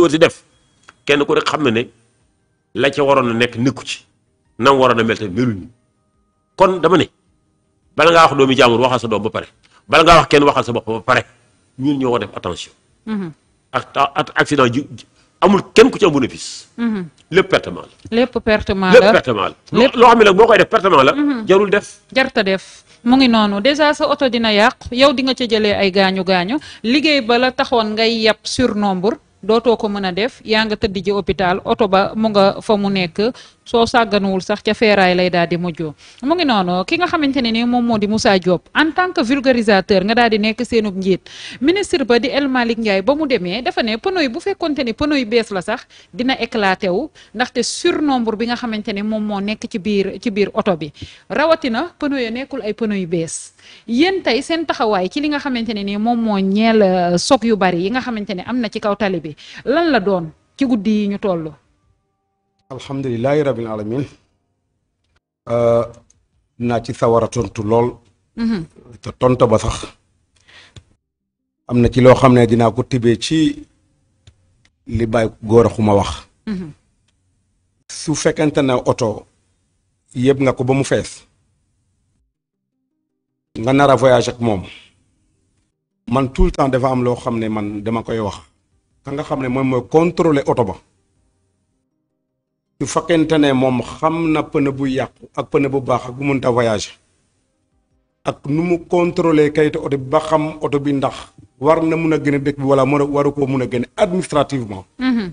war si def kenn ku xam na ne la ca waroon a nekk nekku ci nam waroon a mel te meluñu kon dama ne bala ngaa wax doomi jàmbur sa doom ba pare bala ngaa wax kenn waxal sa bopp ba pare ñun ñoo war def attention. Mm-hmm. ak accident amul kenn ku ci bénéfice. Mm-hmm. lépp pertement la. lépp pertement la lépp pertement la. loo xam ne boo koy def pertement la. Mm-hmm. jarul def. jarta def. mu ngi noonu déjà sa oto dina yàq yow di nga ca jëlee ay gaañu gaañu liggéey ba la taxoon ngay yàpp nombre dootoo ko mën a def yaa nga tëdd ji hôpital oto ba mu nga fa mu nekk soo sàgganuwul sax ca feeraay lay daal di mujjoo mu ngi noonu ki nga xamante ne ni moom moo di musa Diop en tant que vulgarisateur nga daal di nekk seenub njiit ministre ba di El Malick Ndiaye ba mu demee dafa ne pneu yi bu fekkonte ni pneu yu bees la sax dina éclaté wu ndaxte surnombre bi nga xamante ne moom moo nekk ci biir ci biir oto bi rawatina pneu ya nekkul ay pneu yu bees yéen tey seen taxawaay ci li nga xamante ne ni moom moo ñeel soog euh, yu bari yi nga xamante ni am na ci kaw tali bi lan la doon ci guddi yi ñu toll. alhamdulilahi rabil alamin euh, naa ci sawar tontu lool. te mhm. tontu ba sax. am na ci loo xam ne dinaa ko tibbee ci li bàyyi góor a xuma wax. Mhm. su fekkente ne oto yëpp nga ko ba mu fees. nga nar a voyage ak moom man tout le temps dafa am loo xam ne man dama koy wax ka nga xam ne moom mooy contrôler oto ba su fekkente ne moom xam na pneu bu yàqu ak pneu bu baax ak bu mënta voyage ak nu mu contrôler kayitu auto bi ba xam oto bi ndax war na mun a génne dëkk bi wala mën a waru koo mun a génne administrativement. Mhm.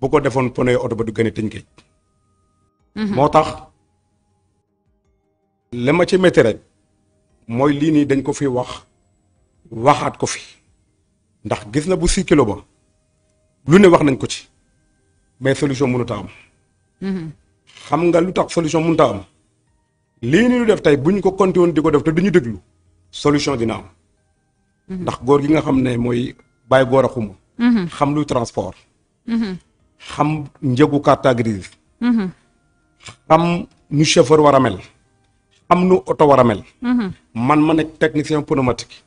bu ko defoon pneu yi oto ba du gën a tëñ kay moo tax la ma ci métti mooy lii nii dañ ko fi wax waxaat ko fi ndax gis na bu six kilo ba lu ne wax nañ ko ci mais solution mënut a am. Mhm. xam nga lu tax solution mënut a am lii nii lu def tey buñ ko compté woon di ko def te duñu déglu solution dina am. Mhm. ndax góor gi nga xam ne mooy bàyyi góor a xuma mhm. xam luy transport. xam njëgu carte grise. xam nu chauffeur war a mel. xam nu oto war man ma nekk technicien pneumatique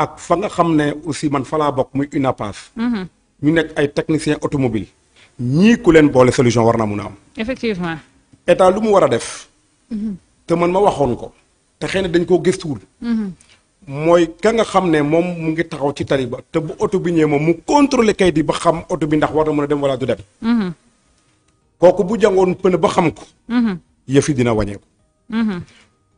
ak fa nga xam ne aussi man falaa bokk muy UNAPAS. Mhm. ñu nekk ay technicien automobile ñii ku leen boole solution war na mun a am. effectivement état lu mu war a def. Mhm. te man ma waxoon ko. te xëy na dañ koo gistuwul mhm. mooy ka nga xam ne moom mu ngi taxaw ci tali ba te bu oto bi ñëwee moom mu contrôler kayit yi ba xam oto bi ndax war na mën a dem wala du dem. kooku bu jàngoon pën ba xam ko. yëf yi dina wàññeeku.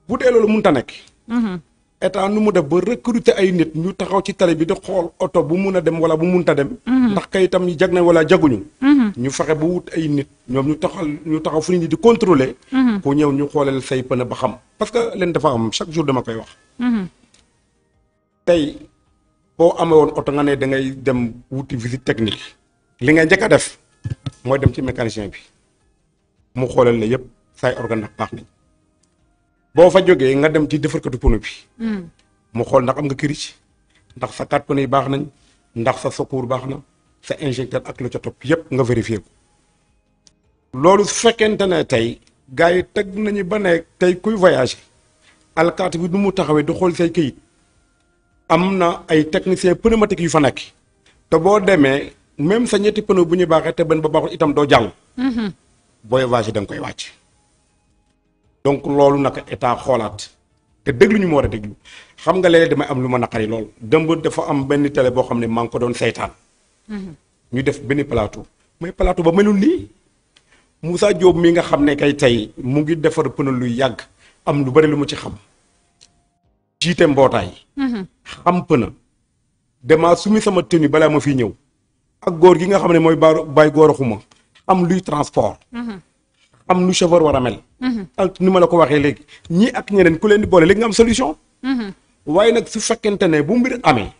bu dee loolu mënut a nekk. Mm-hmm. état nu mu def ba recruter ay nit ñu taxaw ci tali bi di xool oto bu mun a dem wala bu munta dem. Mm-hmm. ndax kayitam yi jag na wala jaguñu. Mm-hmm. ñu fexe ba wut ay nit ñoom ñu taxal ñu taxaw fu ñu di contrôler. ku ñëw ñu xoolal say pën ba xam parce que leen dafa am chaque jour dama koy wax. tey boo amee woon oto nga ne da dem wuti visite technique. li ngay njëkk a def mooy dem ci mécanicien bi mu xoolal la yëpp say organes baax nañ. boo fa jógee nga dem ci defarkatu pono bi. Hmm. mu xool ndax am nga kirich ndax sa quatre pono yi baax nañ ndax sa secours baax na sa injecteur ak lu ca topp yépp nga vérifié ko. loolu fekkente ne tey gars yi teg nañu ba ne tey kuy voyagé alkaati bi du mu taxawee du xool say kayit am na ay technicien pneumatique yu fa nekk te boo demee même sa ñetti pneu bu ñu baaxee te benn ba baaxul itam doo jàll. Hmm. booy voyagé da nga koy wàcc. donc loolu nag état xoolaat te déglu ñu mu war a déglu xam nga lee damay am lu ma naqari lool dëmb dafa am benn télé boo xam ne maa ngi ko doon saytaan. Mhm. ñu def benn plateau. mais plateau ba melul nii Moussa Diop mi nga xam ne kay tey mu ngi defar pneu luy yàgg am lu bari lu mu ci xam. jiite mbootaay. Mhm. xam pneu. damaa sumi sama tuni balaa ma fi ñëw. ak góor gi nga xam ne mooy baaru bay góoraxuma am luy transport. Mhm. am nu chauffeur war a mel. Mhm. ak ni ma la ko waxee léegi ñii ak ñeneen ku leen di boole léegi nga am solution. Mhm. waaye nag su fekkente ne bu mbir amee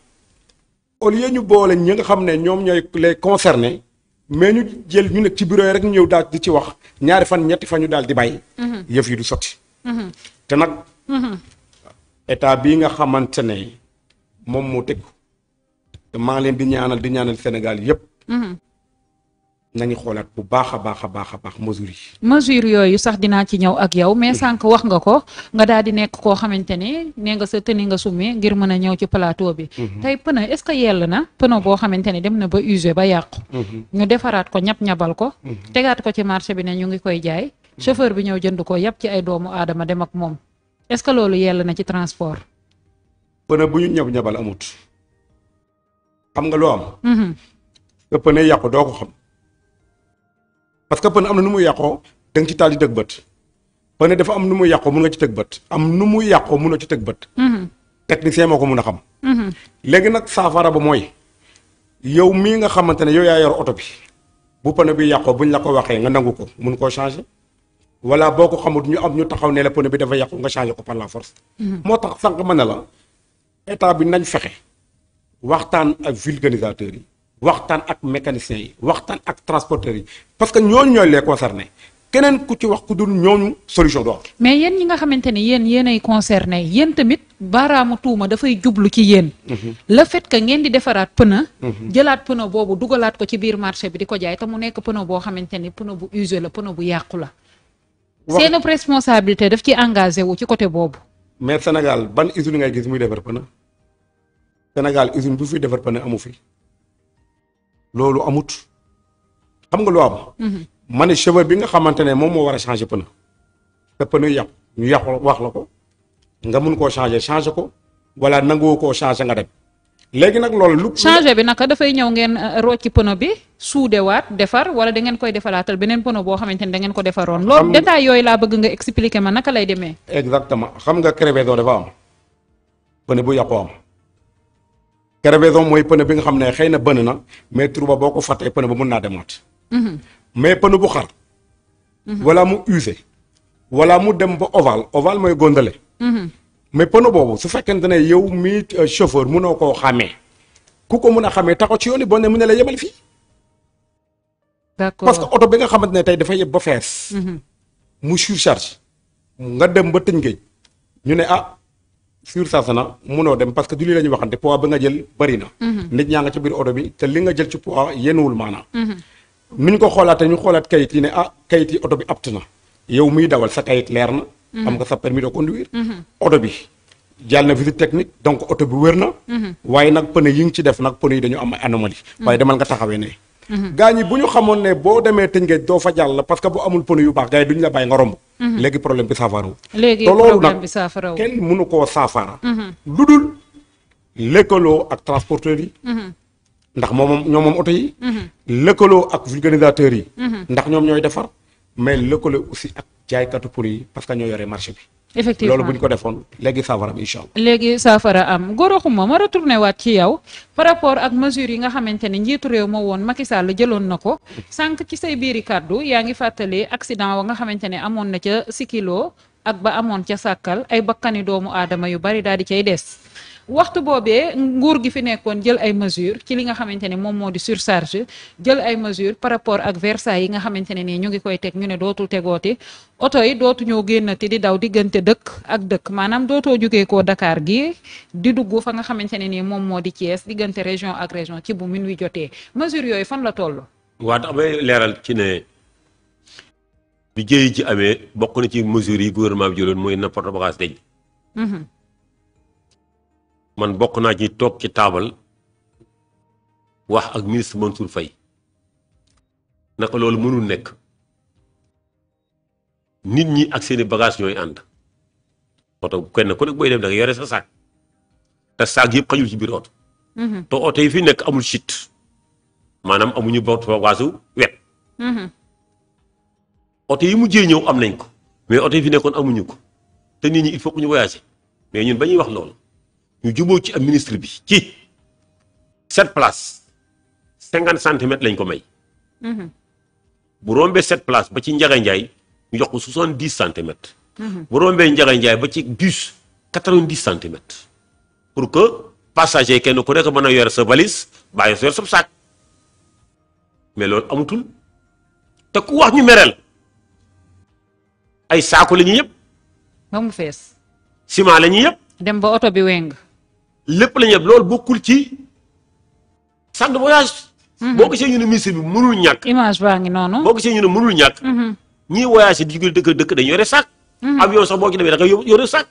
au lieu ñu boole ñi nga xam ne ñoom ñooy les concernés mais ñu jël ñu nekk ci bureau yi rek ñëw daal di ci wax ñaari fan ñetti fan ñu daal di bàyyi. Mhm. yëf yi du sotti. te nag. état bii nga xamante ne moom moo teg ko maa ngi leen di ñaanal di ñaanal Sénégal yëpp. ngi xoolaat bu baax a baax a baax a baax mesures yi. mesures yooyu sax dinaa ci ñëw ak yow mais mm-hmm. sànq wax nga ko nga daal di nekk koo xamante ne nee nga sa ni nga summi ngir mën a ñëw ci plateau bi. Mm-hmm. tey pneu est-ce que yell na pneu boo xamante ni dem na ba usé ba yàqu. Mm-hmm. ñu defaraat ko ñab ñabal ko. tegaat ko ci marché bi ne ñu ngi koy jaay. chauffeur bi ñëw jënd ko yàpp ci ay doomu aadama demak moom est-ce que loolu yell na ci transport. pëna bu ñu ñab ñabal amut. xam nga loo am. pneu yàqu doo ko xam. parce que pën am na nu muy yàqoo da nga ci taal di tëg bët pën dafa am nu muy yàqoo mun nga ci tëg bët am nu muy yàqoo mun nga ci tëg bët mhm. technicien moo ko mun a xam mhm. léegi nag saafara ba mooy yow mii nga xamante ne yow yaa yor oto bi bu pën bi yàqoo buñ la ko waxee nga nangu ko mun koo changer wala boo ko xamut ñu am ñu taxaw ne la pën bi dafa yàqu nga changer ko par la force mhm. moo tax sanq ma ne la état bi nañ fexe waxtaan ak vulcanisateur yi waxtaan ak mécaniciens yi waxtaan ak transporteurs yi parce que ñooñu ñooy les concernés keneen ku ci wax ku dul ñooñu solution door mais yéen ñi nga xamante ni yéen yéenay concerné yéen tamit baaraamu tuuma dafay jublu ci yéen. Mhm. le fait que ngeen di defaraat pneu. Mhm. jëlaat pneu boobu dugalaat ko ci biir marché bi di ko jaay te mu nekk pneu boo xamante ni pneu bu usé la pneu bu yàqu la. seen responsabilité def ci engagé wu ci côté boobu. mais Sénégal ban usine ngay gis muy defar pneu Sénégal bu fi defar amu fi. loolu amut xam nga lu am. Mhm. ma ne cheveux bi nga xamante ne moom moo war a changer pneu. te pneu yàpp ñu yàq wax la ko nga mun koo changer changer ko wala nangoo koo changer nga dem. léegi nag loolu lu. changer bi naka dafay ñëw ngeen euh, rocci pneu bi waat defar wala da ngeen koy defaraatal beneen pneu boo xamante ni da ngeen ko defaroon. loolu détail yooyu laa bëgg nga expliquer ma naka lay demee. exactement xam nga crevé doo dafa am pneu bu yàqu am. crevaison mooy pneu bi nga xam ne xëy na bënn na mais trou ba boo ko fàttee pneu ba mun naa demaat. Mhm. mais pneu bu xar. Mhm. wala mu usé. wala mu dem ba ovale ovale mooy gondole. Mhm. mais pneu boobu su fekkente ne yow mi euh, chauffeur munoo koo xàmmee ku ko mun a xàmmee taxaw ci yoon yi boo ne mu ne la yemal fii. d'accord parce oto bi nga xamante ne tey dafa yeb ba fees. mu surcharge nga dem ba tëj ngeen ñu ne ah. sur saasana munoo dem parce que du lii la ñuy waxante poids ba nga jël bari na. Mm-hmm. nit ñaa nga ci biir oto bi te li nga jël ci poids yenuwul maanaam. Mm-hmm. nuñ ko xoolaatee ñu xoolaat kayit yi ne ah kayit yi oto bi apt na yow muy dawal sa kayit leer na. Mm-hmm. am nga sa permis de conduire. oto bi jàll na visite technique donc oto bi wér na. waaye nag pneu yi nga ci def nag pneu yi dañu am ay anomalie. waaye demal nga taxawee ne. gaa ñi bu ñu xamoon ne boo demee tëj nga doo fa la bàyyi nga Mm-hmm. léegi problème bi saafarawu léegi problème bi saafarawu te loolu nag kenn mënu koo saafara. Mm-hmm. lu dul lëkkaloo ak transporteurs yi. Mm-hmm. ndax moom ñoom moom oto yi. lëkkaloo ak vulgarisateurs yi. ndax ñoom ñooy defar mais lëkkaloo aussi ak jaaykatu pour yi parce que ñoo yore marché bi. effectivement loolu mu ñu ko defoon léegi saafara am incha allah. léegi saafara am goro Khouma ma retourné waat ci yow par rapport ak mesures yi nga xamante ne njiitu réew ma woon Macky Sall jëloon na ko sànq ci say biiri kàddu yaa ngi fàttalee accident wa nga xamante ne amoon na ca Sikilo ak ba amoon ca Sàkkal ay bakkani doomu aadama yu bari daal di cay des. waxtu boobee nguur gi fi nekkoon jël ay mesures ci li nga xamante ne moom moo di surcharge jël ay mesures par rapport ak Versailles yi nga xamante ne nii ñu ngi koy teg ñu ne dootul tegooti oto yi dootu ñoo génnati di daw diggante dëkk ak dëkk maanaam dootoo jógee ko dakaar gi di dugg fa nga xamante ne nii moom moo di Thiès diggante région ak région ci bu min wi jotee mesures yooyu fan la toll. waa damay leeral ci ne bi jëy ci amee bokk na ci mesures yi gouvernement bi mooy na porte bagage dañ man bokk naa ci toog ci taabal wax ak ministre Mansour fay naka loolu mënul nekk nit ñi ak seeni bagage ñooy ànd oto ku nekk booy dem da nga yore sa saak te saak yëpp xajul ci biir oto mhm. te oto yi fi nekk amul sit maanaam amuñu bot waasu wet mhm. oto yi mu mujjee ñëw am nañ ko mais oto yi fi nekkoon amuñu ko te nit ñi il faut ñu voyager mais ñun ba ñuy wax loolu ñu juboo ci am ministre bi ci sept places cinquante centimètres lañ ko may. Mhm. bu rombee sept places ba ci Njaga Njaay ñu jox ko soixante dix centimètres. Mhm. bu rombee Njaga ba ci bus quatre vingt dix pour que passager kenn ku rekk mën a yor sa valise bàyyi sa yor sa sac mais loolu amatul te ku wax ñu mereel ay saako lañu ñuy yëpp. ba mu fees. ciment la ñuy yëpp. dem ba oto bi weng. lépp la ñu def loolu bokkul ci sac de boo boo gisee ñu ne ministre bi mënul ñàkk. image baa ngi noonu. boo gisee ñu ne mënul ñàkk. Mhm. ñiy voyagé di jóge dëkk dëkk dañu yore sac. Mhm. avion sax boo ci demee da nga yore sac.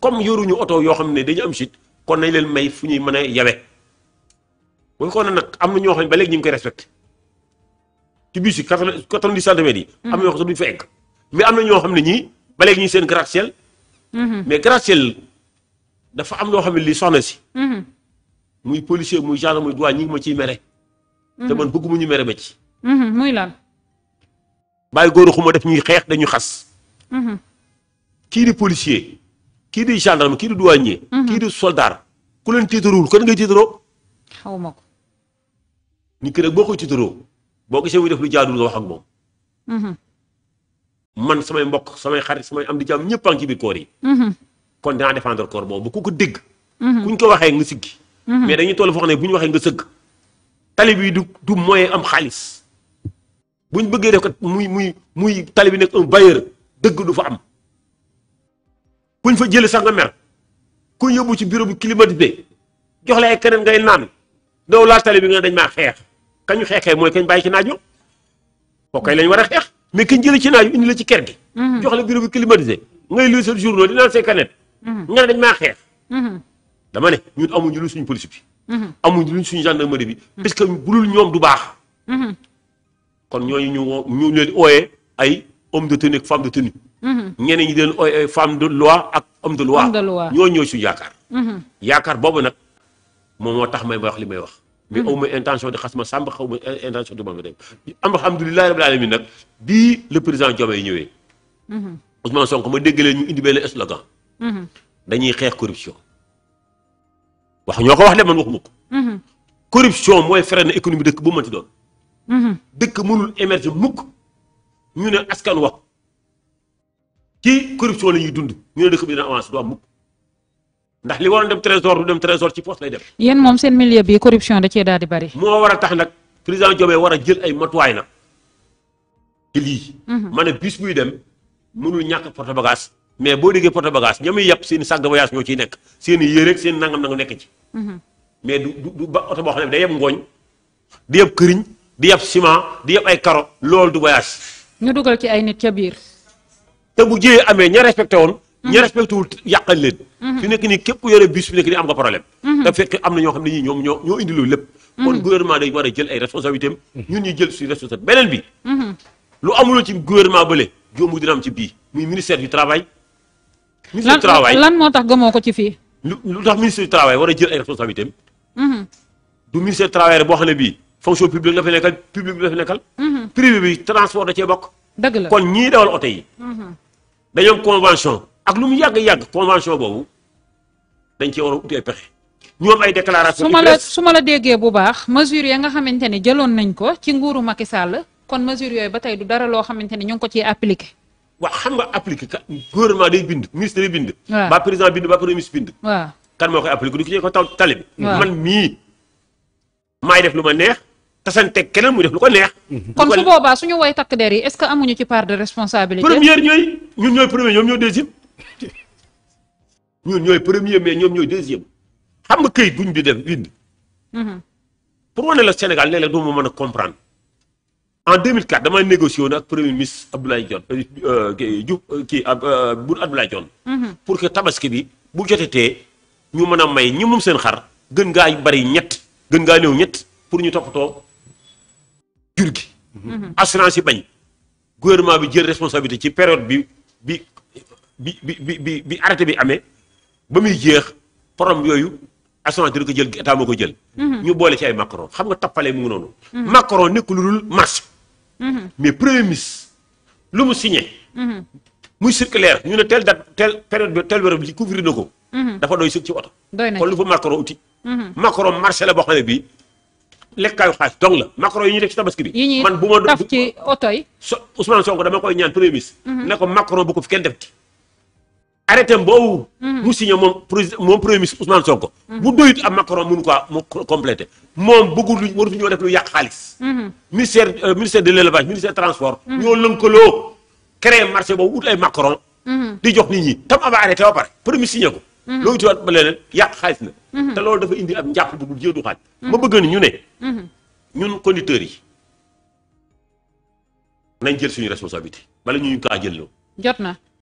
comme yoruñu oto yoo xam ne dañu am chute kon nañ leen may fu ñuy mën a yabe. booy xool nag am na ñoo xam ne ba léegi ñu ngi koy respecté ci bus yi quatre-vingt-dix centimètres yi. am na ñoo xam mais am na ñoo xam ne ñii ba léegi ñu seen gratte-ciel. Mhm. mais gratte-ciel dafa am loo xam ne lii soxna si. Mhm. muy policier muy gendarme muy douane ñi ngi ma ciy mere. te mhm. man bëgguma ñu mere ba ci. Mhm, muy lan. bàyyi góor xuma def ñuy xeex dañu xas. kii di policier kii di gendarme kii di douanier. kii di soldat ku leen tiitarul kan ngay tiitaroo. ko. nit ki rek boo ko tiitaroo boo gisee def lu jaadul nga wax ak moom. man samay mbokk samay xarit samay am di jàmm ñëpp a ngi yi. kon dinaa défendre corps boobu ku ko dégg. kuñ ko waxee nga siggi mais dañuy toll foo xam ne bu ñu waxee nga sëgg. talib yi du du moyen am xaalis buñ bëggee def kat muy muy muy talib yi nekk un bailleur dëgg du fa am kuñ fa jëlee sax nga mer kuñ yóbbu ci bureau bu climatisé jox la ay keneen ngay naan doo laal talib yi nga dañ maa xeex kañu xeexee mooy kañ bàyyi ci naajo kooku lañ war a xeex mais kañ jëlee ci naajo indi la ci ker gi. Mm-hmm. jox la bu climatisé ngay luy seen journaux di naan say kanet Mm-hmm. nga ne dañ maa xeex. Mm-hmm. dama ne ñun amuñu lu suñu police bi. Mm-hmm. amuñu luñ suñu gendarmerie bi. parce que bulul ñoom du baax. kon ñooñu ñu ñu leen ay homme de tenue ak femme ñi leen femme de loi ak homme de loi. ñoo ñooy suñu yaakaar. yaakaar boobu nag moom moo tax may wax li may wax. mais aw ma intention di xas ma sàmb xaw ma intention di ma dem alhamdulilah rabbil alamin nag bii le président Diomaye yi ñëwee. Ousmane Sonko ma dégg leen ñu indi benn Mm-hmm. dañuy xeex corruption wax ñoo ko wax de man waxuma ko. Mm-hmm. corruption mooy freiné économie dëkk bu mënti doon. Mm-hmm. dëkk mënul émerger mukk ñu ne askan wax ci corruption la ñuy dund ñu ne dëkk bi dina avancé du am mukk ndax li waroon dem trésor du dem trésor ci poste lay dem. yéen moom seen milieu bi corruption da cee daal di bari. moo war a tax nag président Diomaye war a jël ay matuwaay na ci lii. ma ne dem mënul ñàkk porte bagage mais boo déggee porte bagage ñamuy yàpp seen sac de voyage ñoo ciy nekk seen i yére ak seen nangam nekk ci mhm. mais du boo xam ne day yab ngooñ di yab këriñ di yab ciment di yab ay karo loolu du voyage ñu dugal ci ay nit ca biir te bu jiyee amee ña respecté woon ña mhm. respecté wul yàqal leen mhm. fi nekk nii képp ku yore bus fi nekk nii am nga problème te fekk am na ñoo xam ne ñii ñoom ñoo indi loolu lépp kon gouvernement day war a jël ay responsabilités am ñun ñuy jël bi lu amuloo ci gouvernement bële joomu dina am ci bii muy ministère ministre du lan moo tax gëmoo ko ci fii. lu tax ministre du war a jël ay responsabilités am. Mhm. du ministre du travail boo xam ne bii fonction publique la fi nekkal publique bi la fi mhm. transport da cee bokk. dëgg la kon ñii dawal oto yi. Mhm. dañoo convention ak lu mu yàgg yàgg convention boobu dañ cee war a uti ay pexe. ñu ay déclaration su ma la su bu baax mesures ya nga xamante ne jëloon nañ ko ci nguuru Macky Sall kon mesures yooyu ba tey du dara loo xamante ne ñu ngi ko ciy appliqué. waa xam nga appliqué ka gouvernement day bind ministre day bind. waaw ba président bind ba premier ministre bind. waaw kan moo koy appliqué def lu ma neex. tasanteeg keneen muy def lu ko neex. Mhm. kon su boobaa suñu way takk der yi est-ce que amuñu ci part de responsabilité. première ñooy ñun ñooy premier ñoom ñooy deuxième. ñun ñooy premier mais ñoom ñooy deuxième. xam nga këyit buñ bi def bind. Mhm. pour wane la Sénégal léeg-léeg du ma mën a comprendre. en 2004 damaa négocié woon ak premier ministre Abdoulaye Dione euh, euh, Diouf euh, kii Boun Abdallah Dione mhm. pour que tabaski bi bu tee ñu mën a may ñi moom seen xar gën ngaa bari ñett gën ngaa néew ñett pour ñu toppatoo jur gi. Mhm. assurance yi bañ gouvernement bi jël responsabilité ci période bi bi bi bi bi arrêté bi amee ba muy jeex problème yooyu assurance dina ko jël état moo ko jël. Mhm. ñu boole ci ay macaron xam nga tappale mu ngi noonu. macaron nekk lu dul marché. Mm-hmm. mais premier lu mu signé. Mm-hmm. muy circulaire ñu ne telle date telle période bi telle wér li couvrir na ko. Mm-hmm. dafa doy sëg ci oto. doy kon lu fa Macron uti. Macron marché la boo xam ne bii lekkaayu xaalis dong la Macron yi ñuy def ci tabaski bi. man bu ma taf ci oto yi. so Ousmane Sonko dama koy ñaan premier ministre. ne ko Macron bu ko fi kenn defati. arrêté boobu. Hmm. mu signé moom président moom premier ministre Ousmane Sonko. bu hmm. doyut am Macron mënu quoi mu complété moom bëggul lu waratu ñoo def lu yàq xaalis. Hmm. ministère euh, ministère de l' élevage ministère transport. ñoo lënkaloo créé marché boobu ut ay Macron. di jox nit ñi tam aba arrêté ba pare premier signé ko. loo utiwaat ba leneen yàq xaalis na. te loolu dafa indi ab njàpp bu dul jéedu xaaj. ma bëgg ni ñu ne. ñun conducteurs yi nañ jël suñu responsabilité bala ñu ñu kaa jël loo. jot na.